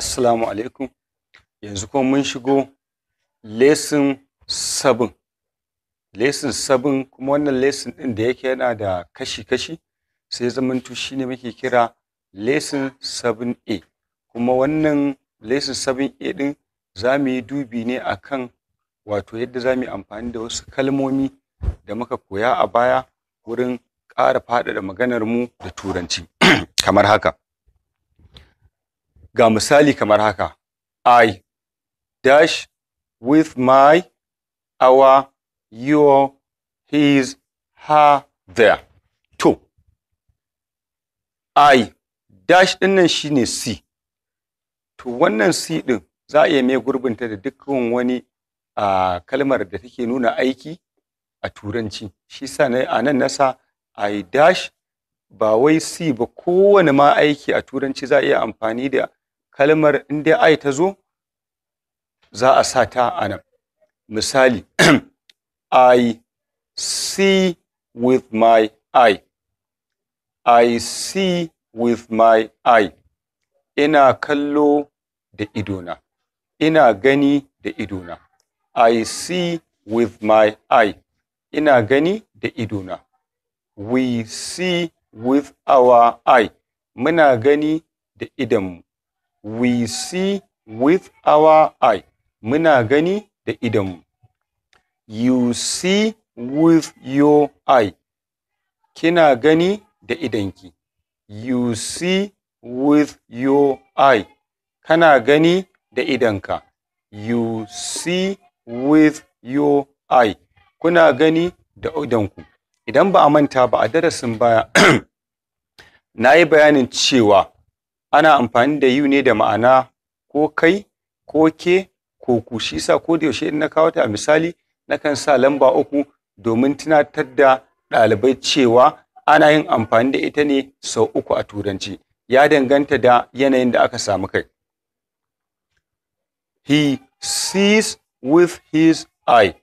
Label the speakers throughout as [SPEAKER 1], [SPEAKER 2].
[SPEAKER 1] assalamu alaikum yanzu kuma mun shigo lesson 7 lesson 7 kuma wannan lesson din da yake yana da kashi-kashi sai zamantu shine muke kira lesson 7a kuma wannan lesson 7a din za mu yi dubi ne akan wato yadda za mu yi amfani da wasu kalmomi da muka koya a baya wurin ƙara faɗaɗa maganar mu da turanci kamar haka Ga misali kamar haka, I dash with my, our, your, his, her, their. To, I dash ɗin nan shi ne C. To wannan C ɗin za a iya mai gurbinta da dukkan wani kalmar da take nuna aiki a turanci. Shi sa a nan nasa I dash ba wai C ba kowane ma aiki a turanci za a iya amfani da kalmar in dai ai ta zo za a sa ta a nan misali i see with my eye i see with my eye ina kallo da idona ina gani da idona i see with my eye ina gani da idona we see with our eye muna gani da idonmu. We see with our eye. Muna gani da idonmu. You see with your eye. Kina gani da idonki. You see with your eye. Kana gani da idonka. You see with your eye. Kuna gani da idonku. Idan ba a manta ba a darasin baya, na yi bayanin cewa ana amfani da yu ne da ma'ana ko kai ko ke ko ku shi sa ko da yaushe in na kawo ta misali na kan sa lamba uku domin tunatar da ɗalibai cewa ana yin amfani da ita ne sau uku a turanci ya danganta da yanayin da aka samu kai he sees with his eye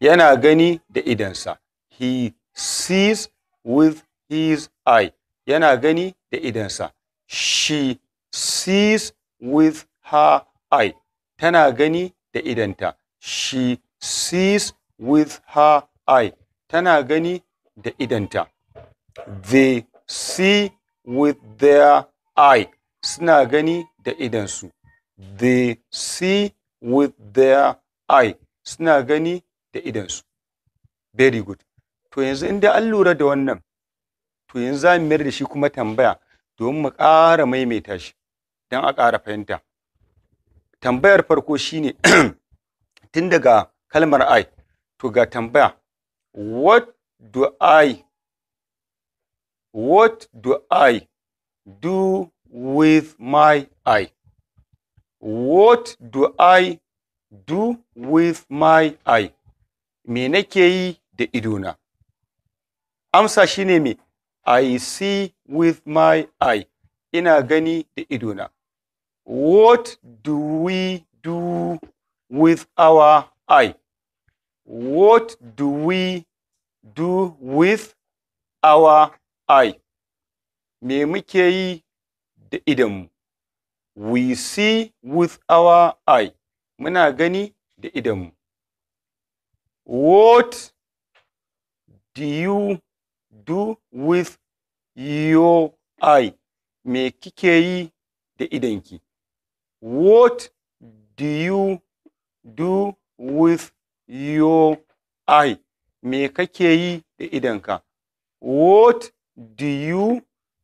[SPEAKER 1] yana gani da idansa he sees with his eye yana gani da idansa She sees with her eye. Tana gani da idanta. She sees with her eye. Tana gani da idanta. They see with their eye. Suna gani da idansu. They see with their eye. Suna gani da idansu. Very good. To yanzu inda an lura da wannan, to yanzu za mayar da shi kuma tambaya. domin mu ƙara maimaita shi don a ƙara fahimta tambayar farko shine tun daga kalmar i to ga tambaya what do i what do i do with my eye what do i do with my eye me nake yi da idona amsa shine me i see with my eye. Ina gani da idona. What do we do with our eye? What do we do with our eye? Me muke yi da idonmu? We see with our eye. Muna gani da idonmu. What do you do with yo i Me kike yi da idanki? What do you do with your eye? Me kake yi da idanka? What do you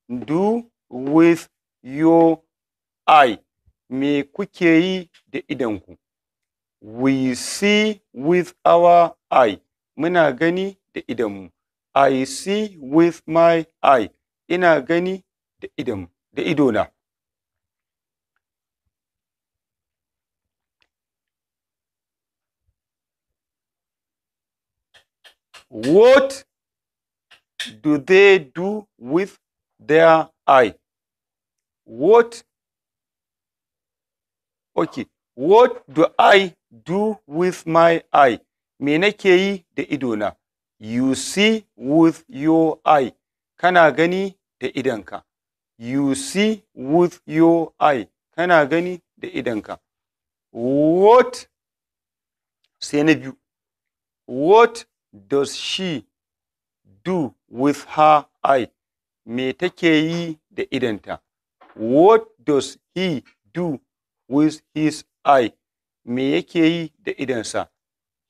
[SPEAKER 1] do with your eye? Me kuke yi da idanku? We see with our eye. Muna gani da idanmu. I see with my eye. ina gani da idon da idona what do they do with their eye what okay what do i do with my eye me nake yi da idona you see with your eye kana gani da idonka. You see with your eye. Kana gani da idonka. What? Sai na biyu. What does she do with her eye? Me take yi da idonta. What does he do with his eye? Me yake yi da idonsa.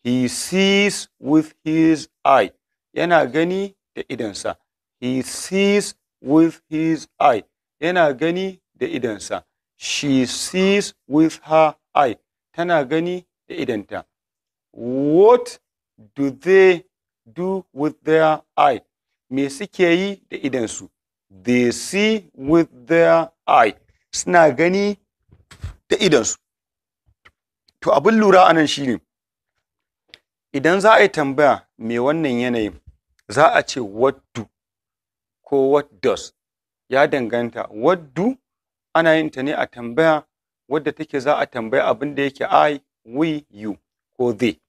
[SPEAKER 1] He sees with his eye. Yana gani da idonsa. He sees with his eye. Yana gani da idansa. She sees with her eye. Tana gani da idanta. What do they do with their eye? Me suke yi da idansu? They see with their eye. Suna gani da idansu. To abin lura anan shi ne. idan za a yi tambaya me wannan yanayin za a ce what ko what does ya danganta what do ana yin ta ne a tambaya wadda take za a tambaya abin da yake i we you ko they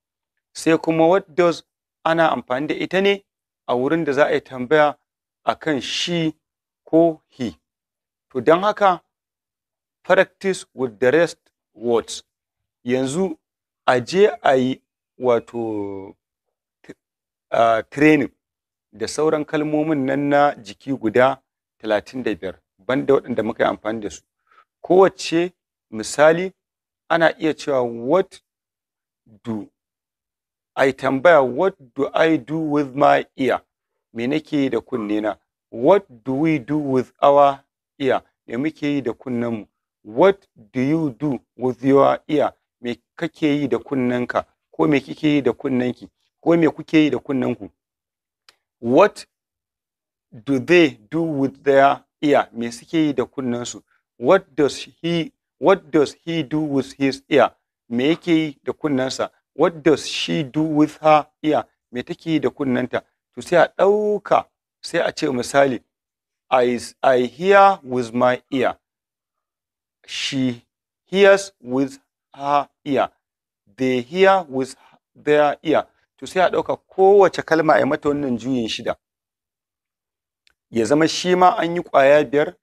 [SPEAKER 1] sai kuma what does ana amfani da ita ne a wurin da za a yi tambaya akan shi ko he to don haka practice with the rest words yanzu a je a yi wato uh, training da sauran kalmomin nan na jiki guda 35 banda waɗanda muka yi amfani da su kowace misali ana iya cewa what do I tambaya what do I do with my ear me nake yi da kunne na what do we do with our ear me muke yi da kunnen mu what do you do with your ear me kake yi da kunnenka ko me kike yi da kunnenki ko me kuke yi da kunnenku what do they do with their ear me suke yi da what does he what does he do with his ear me yake yi da what does she do with her ear me take yi da to sai a ɗauka sai a ce misali I, I hear with my ear she hears with her ear they hear with their ear to sai a ɗauka kowace kalma a mata wannan juyin shida ya zama shi ma an yi ƙwaya biyar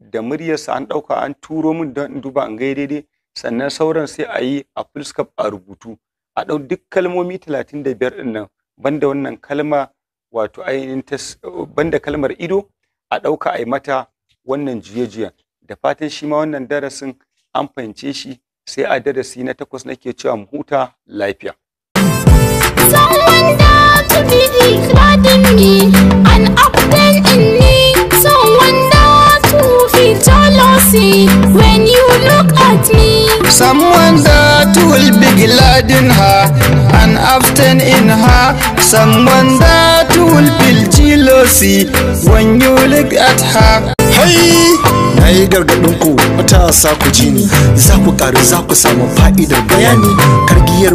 [SPEAKER 1] da muryarsa an ɗauka an turo min don in duba in ga daidai sannan sauran sai a yi a fulskap a rubutu a ɗau duk kalmomi talatin da biyar ɗin nan banda wannan kalma wato ainihin banda kalmar ido a ɗauka a yi mata wannan juye-juyen da fatan shi ma wannan darasin an fahimce shi sai a darasi na takwas nake cewa mu huta lafiya will be glad in her and often in her someone that will feel jealousy when you look at her hey na yi gargaɗin ku sa ku ji ni za ku ƙaru za ku samu fa'idar bayani kargiyar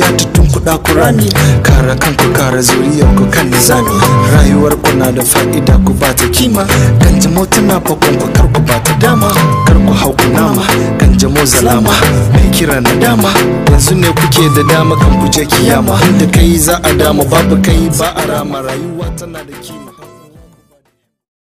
[SPEAKER 1] ya tutun kuɗa ku rami kara kanku kara zuriyar ku kan nizami rayuwar ku na da fa'ida ku ba ta kima ganjin motuna fakon ku kar ku ba ta dama hau kunama kan jamo zalama mai kira na dama yanzu ne kuke da dama kan kuje kiyama da kai za a dama babu kai ba a rama rayuwa tana da kima